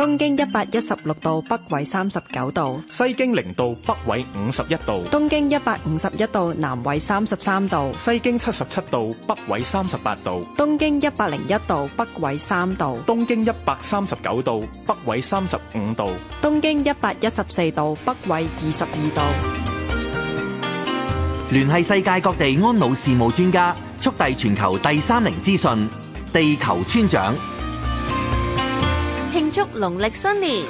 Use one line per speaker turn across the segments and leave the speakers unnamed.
東經一百一十六度北緯三十九度，西經零度北緯五十一度，東經一百五十
一度南緯三十三度，西經七十七度北緯三十八度，東經一百零一度北緯三度，東經一百三十九度北緯三十五度，
東經一百一十四度北緯二十二度，
聯繫世界各地安老事務專家，速遞全球第三齡資訊，地球村長。
慶祝農曆新年，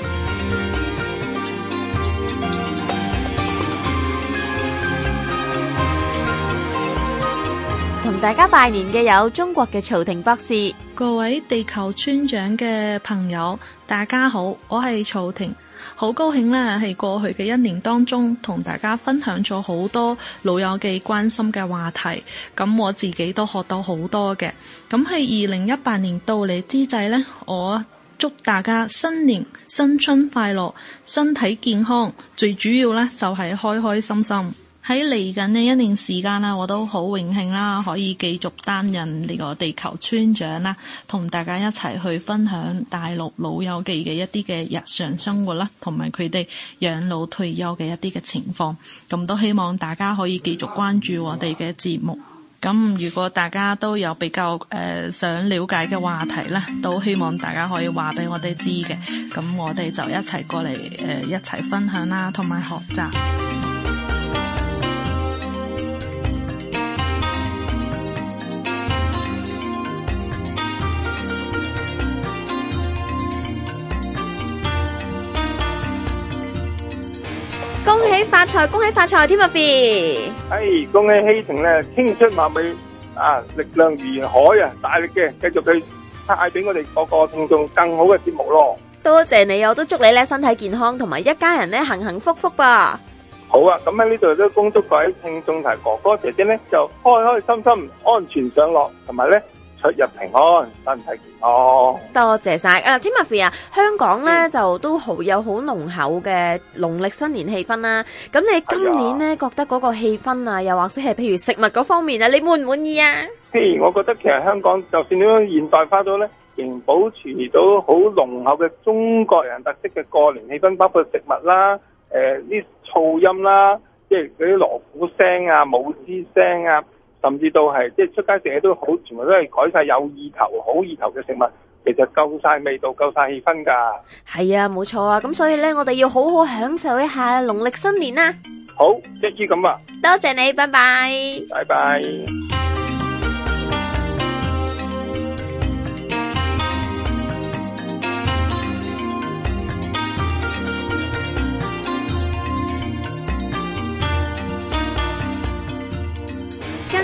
同大家拜年嘅有中國嘅曹婷博
士，各位地球村長嘅朋友，大家好，我係曹婷。好高興喇，喺過去嘅一年當中，同大家分享咗好多老友記關心嘅話題，咁我自己都學到好多嘅，咁喺二零一八年到嚟之際呢，我。祝大家新年新春快樂，身體健康，最主要咧就係開開心心。喺嚟緊嘅一年時間啦，我都好榮幸啦，可以繼續擔任呢個地球村長啦，同大家一齊去分享大陸老友記嘅一啲嘅日常生活啦，同埋佢哋養老退休嘅一啲嘅情況。咁都希望大家可以繼續關注我哋嘅節目。咁如果大家都有比較、呃、想了解嘅話題咧，都希望大家可以話俾我哋知嘅，咁我哋就一齊過嚟、呃、一齊分享啦，同埋學習。
恭喜發財，恭喜發財，添阿 B！
哎，恭喜希城咧，青春貌美啊！力量如海啊，大力嘅，繼續去帶俾我哋個個聽眾更好嘅節目咯！
多謝你，我都祝你咧身體健康，同埋一家人咧幸幸福福噃！
好啊，咁喺呢度都恭祝各位聽眾同埋哥哥姐姐咧，就開開心心、安全上落，同埋咧。出入平安，身體健康。
多謝晒誒、uh，Timothy 啊，香港咧、嗯、就都好有好濃厚嘅農曆新年氣氛啦、啊。咁你今年咧、哎、呀覺得嗰個氣氛啊，又或者係譬如食物嗰方面啊，你滿唔滿意啊？
譬如我覺得其實香港就算呢個現代化咗咧，仍保持到好濃厚嘅中國人特色嘅過年氣氛，包括食物啦、啊、誒、呃、啲噪音啦、啊，即係嗰啲鑼鼓聲啊、舞獅聲啊。甚至到係即係出街食嘢都好，全部都係改晒有意頭、好意頭嘅食物，其實夠晒味道、夠晒氣氛噶。
係啊，冇錯啊，咁所以咧，我哋要好好享受一下農曆新年啦。
好，一於咁啊，
多謝你，拜拜，
拜拜。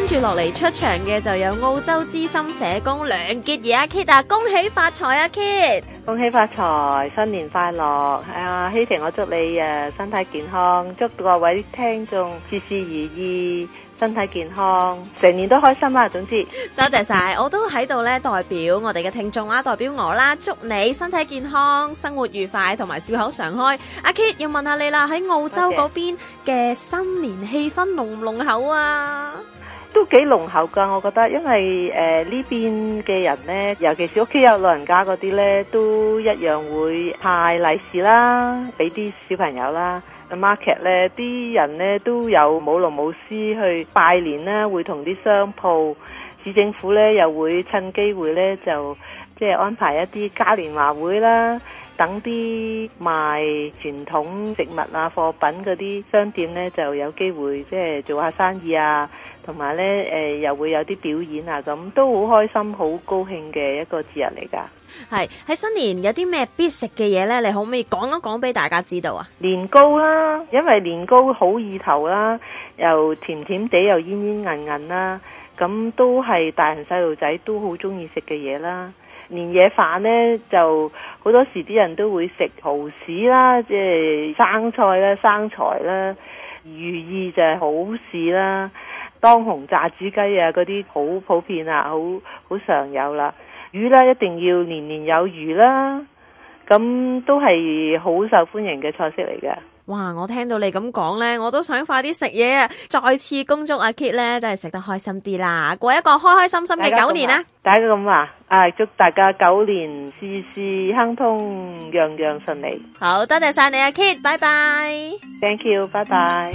住落嚟出場嘅就有澳洲資深社工梁潔儀阿 Kit 啊，恭喜發財啊 Kit！
恭喜發財，新年快樂！阿希婷，我祝你誒身體健康，祝各位聽眾事事如意，身體健康，成年都開心啊！總之，多謝晒，我都喺度咧代
表我哋嘅聽眾啦，代表我啦，祝你身體健康，生活愉快，同埋笑口常開。阿 Kit，要問下你啦，喺澳洲嗰邊嘅新年氣氛濃唔濃厚啊？
都幾濃厚㗎，我覺得，因為誒呢邊嘅人呢，尤其是屋企有老人家嗰啲呢，都一樣會派利是啦，俾啲小朋友啦。market 呢，啲人呢都有舞龍舞獅去拜年啦，會同啲商鋪、市政府呢又會趁機會呢就即係安排一啲嘉年華會啦，等啲賣傳統食物啊貨品嗰啲商店呢就有機會即係做下生意啊。同埋咧，誒、呃，又會有啲表演啊，咁都好開心、好高興嘅一個節日嚟噶。
係喺新年有啲咩必食嘅嘢呢？你可唔可以講一講
俾大家知道啊？年糕啦，因為年糕好意頭啦，又甜甜地，又煙煙韌韌啦，咁都係大人細路仔都好中意食嘅嘢啦。年夜飯呢，就好多時啲人都會食蚝豉啦，即係生菜啦，生財啦，寓意就係好事啦。當紅炸子雞啊，嗰啲好普遍啊，好好常有啦。魚咧一定要年年有餘啦，咁都係好受歡迎嘅菜式嚟嘅。
哇！我聽到你咁講咧，我都想快啲食嘢啊！再次恭祝阿 Kit 咧，真係食得開心啲啦，過一個開開心心嘅九年啦！
大家咁話啊，啊祝大家九年事事亨通，樣樣順利。
好多謝晒你啊，Kit，拜拜。
Thank you，拜拜。